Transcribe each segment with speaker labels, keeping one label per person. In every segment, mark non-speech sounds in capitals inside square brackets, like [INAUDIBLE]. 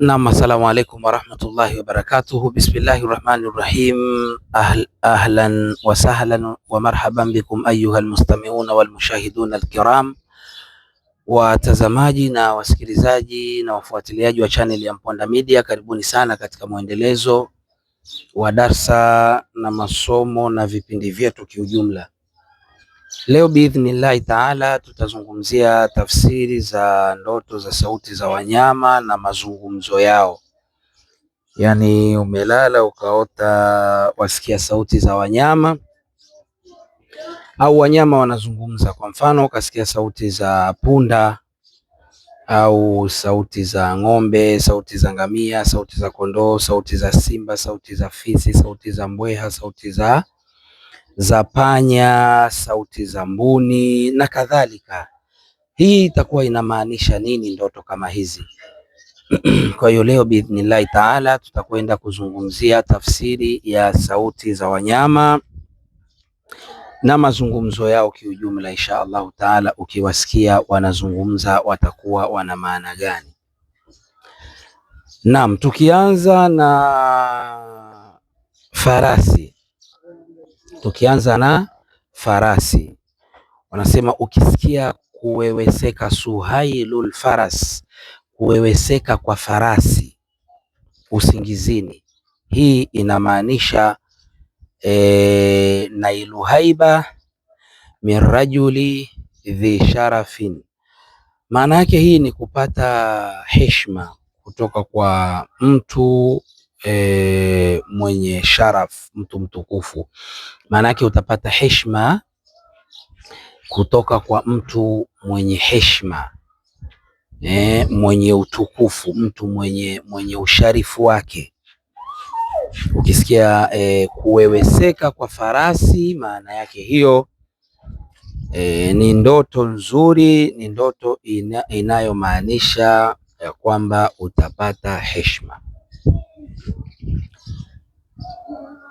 Speaker 1: Nam, assalamu alaikum warahmatullahi wabarakatuhu. Bismillahi rahmani rahim. Ahl, ahlan wa sahlan wa marhaban bikum ayuha almustamiuna walmushahiduna alkiram, watazamaji na wasikilizaji na wafuatiliaji wa channel ya Mponda Media, karibuni sana katika mwendelezo wa darsa na masomo na vipindi vyetu kiujumla. Leo biidhnillahi taala tutazungumzia tafsiri za ndoto za sauti za wanyama na mazungumzo yao. Yaani umelala ukaota wasikia sauti za wanyama au wanyama wanazungumza. Kwa mfano ukasikia sauti za punda au sauti za ng'ombe, sauti za ngamia, sauti za kondoo, sauti za simba, sauti za fisi, sauti za mbweha, sauti za za panya, sauti za mbuni na kadhalika. Hii itakuwa inamaanisha nini ndoto kama hizi? [CLEARS THROAT] Kwa hiyo leo biidhnillahi taala tutakwenda kuzungumzia tafsiri ya sauti za wanyama na mazungumzo yao kiujumla, insha Allahu taala. Ukiwasikia wanazungumza watakuwa wana maana gani? Naam, tukianza na farasi Tukianza na farasi, wanasema ukisikia kuweweseka, suhailul faras, kuweweseka kwa farasi usingizini, hii inamaanisha e, nailuhaiba min rajuli dhi sharafin, maana yake hii ni kupata heshima kutoka kwa mtu e, mwenye sharaf, mtu mtukufu. maana yake utapata heshima kutoka kwa mtu mwenye heshima e, mwenye utukufu, mtu mwenye, mwenye usharifu wake. Ukisikia e, kuweweseka kwa farasi, maana yake hiyo e, ni ndoto nzuri, ni ndoto ina, inayomaanisha ya kwamba utapata heshima.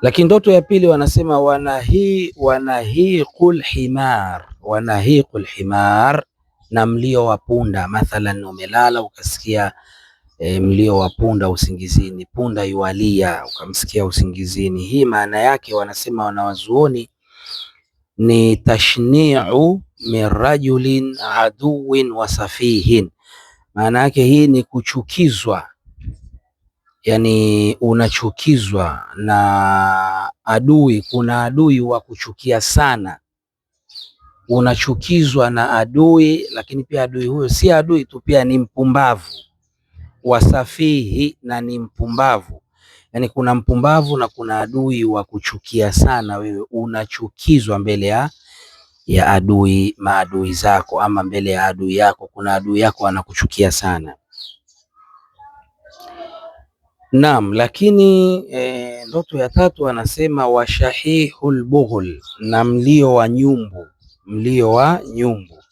Speaker 1: Lakini ndoto ya pili wanasema wanahi wanahiqul himar, wanahiqul himar, na mlio wa punda. Mathalan umelala ukasikia e, mlio wa punda usingizini, punda yualia ukamsikia usingizini. Hii maana yake wanasema wanawazuoni ni tashniu min rajulin aduwin wasafihin, maana yake hii ni kuchukizwa yani unachukizwa na adui. Kuna adui wa kuchukia sana, unachukizwa na adui, lakini pia adui huyo si adui tu, pia ni mpumbavu, wasafihi na ni mpumbavu. Yani kuna mpumbavu na kuna adui wa kuchukia sana, wewe unachukizwa mbele ya ya adui maadui zako, ama mbele ya adui yako. Kuna adui yako anakuchukia sana Naam, lakini e, ndoto ya tatu anasema washahihul bughl, na mlio wa nyumbu, mlio wa nyumbu.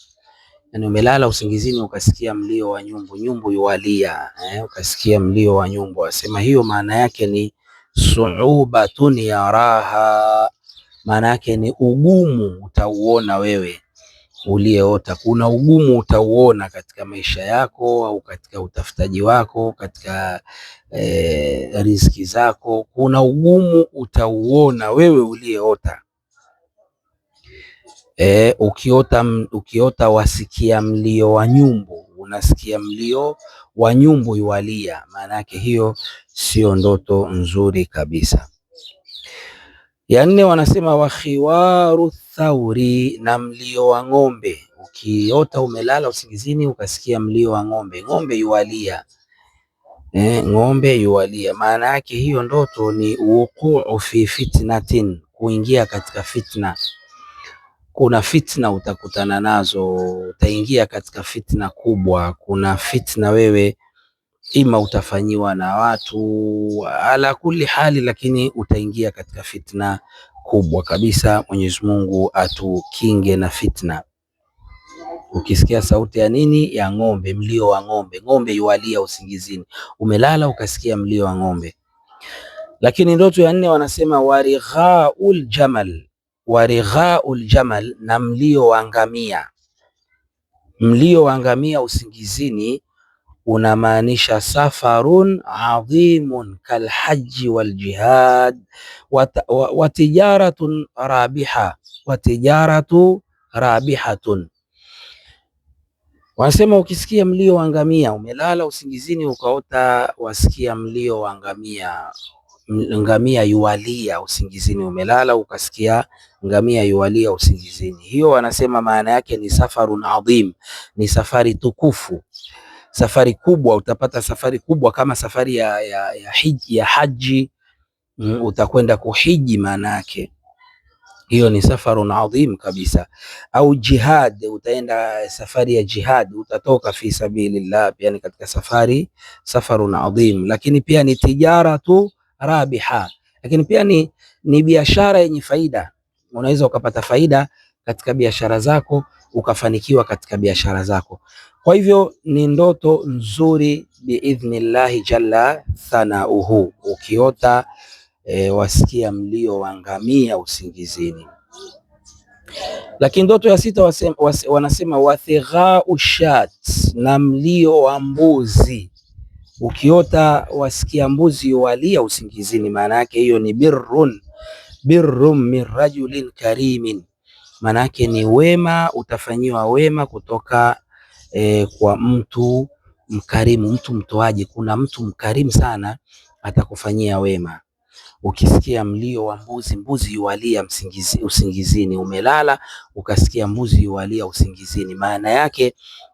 Speaker 1: Yani umelala usingizini ukasikia mlio wa nyumbu, nyumbu yualia eh, ukasikia mlio wa nyumbu. Asema hiyo maana yake ni suubatun ya raha, maana yake ni ugumu utauona wewe uliyeota Kuna ugumu utauona katika maisha yako au katika utafutaji wako, katika e, riziki zako. Kuna ugumu utauona wewe uliyeota. E, ukiota, ukiota wasikia mlio wa nyumbu, unasikia mlio wa nyumbu iwalia, maana yake hiyo sio ndoto nzuri kabisa. Ya nne wanasema khiwaru thauri na mlio wa ng'ombe. Ukiota umelala usingizini ukasikia mlio wa ng'ombe, ng'ombe yualia eh, ng'ombe yualia, maana yake hiyo ndoto ni wuquu fi fitnatin, kuingia katika fitna. Kuna fitna utakutana nazo, utaingia katika fitna kubwa. Kuna fitna wewe ima utafanyiwa na watu ala kulli hali, lakini utaingia katika fitna kubwa kabisa. Mwenyezi Mungu atukinge na fitna. Ukisikia sauti ya nini? Ya ng'ombe, mlio wa ng'ombe, ng'ombe yualia usingizini, umelala ukasikia mlio wa ng'ombe. Lakini ndoto ya nne wanasema warighaul jamal, warighaul jamal, na mlio wa ngamia, mlio wa ngamia usingizini unamaanisha safarun adhimun kalhaji waljihad watijaratun rabiha watijaratu rabihatun. Wanasema ukisikia mlio wa ngamia, umelala usingizini ukaota wasikia mlio wa ngamia, ngamia yualia usingizini, umelala ukasikia ngamia yualia usingizini, hiyo wanasema maana yake ni safarun adhim, ni safari tukufu safari kubwa, utapata safari kubwa kama safari ya, ya, ya, hiji, ya haji mm, mm-hmm. utakwenda kuhiji maana yake hiyo ni safarun adhim kabisa. Au jihad, utaenda safari ya jihad, utatoka fi sabilillah, pia ni katika safari safarun adhim. Lakini pia ni tijara tu rabiha, lakini pia ni, ni biashara yenye faida. Unaweza ukapata faida katika biashara zako ukafanikiwa katika biashara zako. Kwa hivyo ni ndoto nzuri biidhnillahi jalla thanauhu. Ukiota e, wasikia mlio wa ngamia usingizini. Lakini ndoto ya sita wasema, wanasema wathighau shat, na mlio wa mbuzi. Ukiota wasikia mbuzi walia usingizini, maana yake hiyo ni birrun birrun min rajulin karimin Manake ni wema, utafanyiwa wema kutoka e, kwa mtu mkarimu, mtu mtoaji. Kuna mtu mkarimu sana atakufanyia wema. Ukisikia mlio wa mbuzi, mbuzi yualia msingizi, usingizini. Umelala ukasikia mbuzi yualia usingizini, maana yake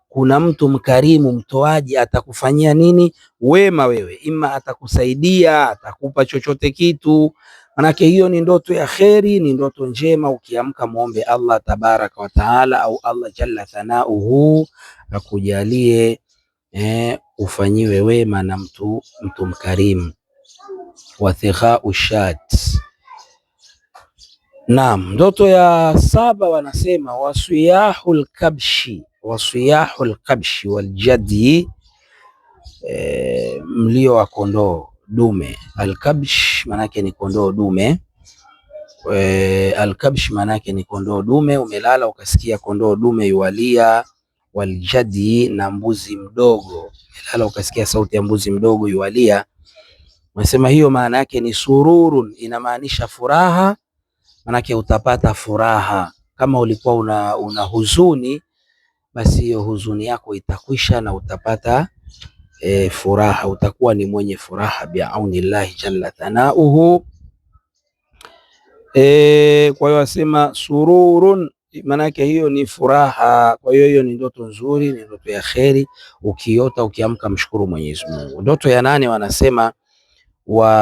Speaker 1: kuna mtu mkarimu mtoaji atakufanyia nini wema wewe, ima atakusaidia, atakupa chochote kitu Manake hiyo ni ndoto ya kheri, ni ndoto njema. Ukiamka muombe Allah tabaraka wa taala au Allah jalla thanauhu akujalie eh, ufanyiwe wema na mtu, mtu mkarimu. Wathikha ushat Naam, ndoto ya saba wanasema wasiyahu lkabshi, wasiyahu lkabshi waljadi eh, mlio wa kondoo dume. Alkabsh maanake ni kondoo dume. E, alkabsh maanake ni kondoo dume. Umelala ukasikia kondoo dume yualia, waljadi na mbuzi mdogo. Umelala ukasikia sauti ya mbuzi mdogo yualia. unasema hiyo maana yake ni sururun, inamaanisha furaha, maanake utapata furaha. Kama ulikuwa una, una huzuni, basi hiyo huzuni yako itakwisha na utapata e, furaha, utakuwa ni mwenye furaha biaunillahi jalla thanauhu. E, kwa hiyo asema sururun, yake hiyo ni furaha. Kwa hiyo hiyo ni ndoto nzuri, ni ndoto ya kheri. Ukiota ukiamka, mshukuru Mwenyezi Mungu. Ndoto ya nane wanasema wa,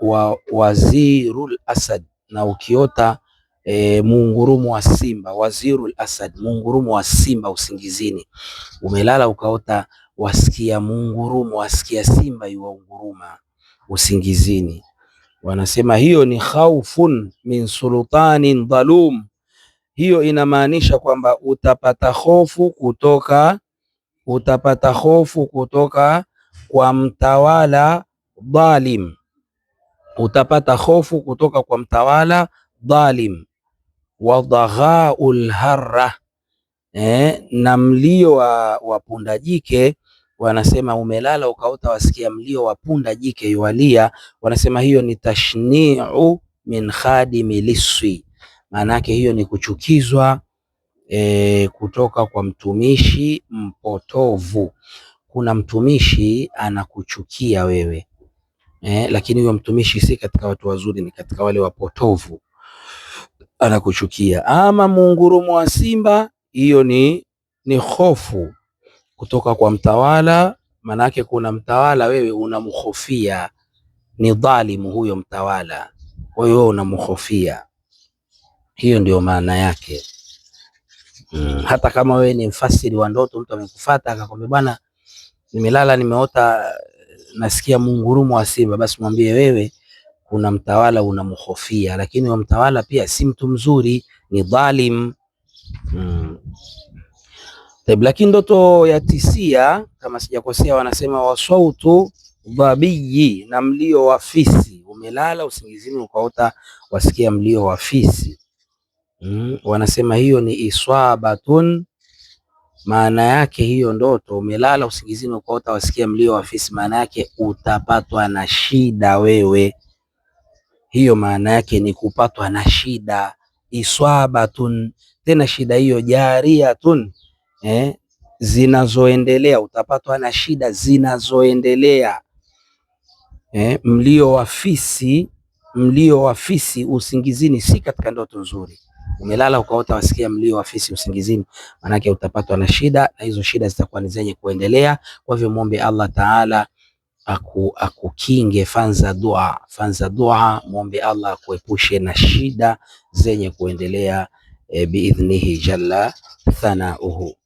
Speaker 1: wa, wazirul asad, na ukiota E, mungurumu wa simba, wazirul asad, mungurumu wa simba usingizini, umelala ukaota wasikia muungurumo, wasikia simba yuwaunguruma usingizini. Wanasema hiyo ni khaufun min sultanin dhalum. Hiyo inamaanisha kwamba utapata hofu kutoka utapata hofu kutoka kwa mtawala dhalim, utapata hofu kutoka kwa mtawala dhalim. Wadhaghaul harra, eh, na mlio wa, wa punda jike wanasema umelala ukaota wasikia mlio wa punda jike yualia, wanasema hiyo ni tashniu min khadimi liswi, maana yake hiyo ni kuchukizwa e, kutoka kwa mtumishi mpotovu. Kuna mtumishi anakuchukia wewe e, lakini huyo mtumishi si katika watu wazuri, ni katika wale wapotovu, anakuchukia. Ama mungurumo wa simba, hiyo ni ni hofu kutoka kwa mtawala. Manake kuna mtawala wewe unamhofia, ni dhalimu huyo mtawala, kwa hiyo wewe unamhofia. Hiyo ndio maana yake. Hmm. Hata kama wewe ni mfasiri wa ndoto, mtu amekufuata akakwambia, bwana, nimelala nimeota nasikia mungurumo wa simba, basi mwambie wewe kuna mtawala unamhofia, lakini wa mtawala pia si mtu mzuri, ni dhalim. Hmm. Lakini ndoto ya tisia kama sijakosea, wanasema wasautu dhabiyi, na mlio wa fisi. Umelala usingizini ukaota wasikia mlio wa fisi mm. Wanasema hiyo ni iswabatun, maana yake hiyo ndoto, umelala usingizini ukaota wasikia mlio wa fisi, maana yake utapatwa na shida wewe. Hiyo maana yake ni kupatwa na shida, iswabatun, tena shida hiyo jariatun eh, zinazoendelea utapatwa na shida zinazoendelea eh, mlio wa fisi, mlio wa fisi usingizini si katika ndoto nzuri. Umelala ukaota wasikia mlio wa fisi usingizini, manake utapatwa na shida, na hizo shida zitakuwa ni zenye kuendelea. Kwa hivyo muombe Allah Taala akukinge fanza dua, fanza dua, muombe Allah akuepushe na shida zenye kuendelea, e, eh, biidhnihi jalla thanauhu.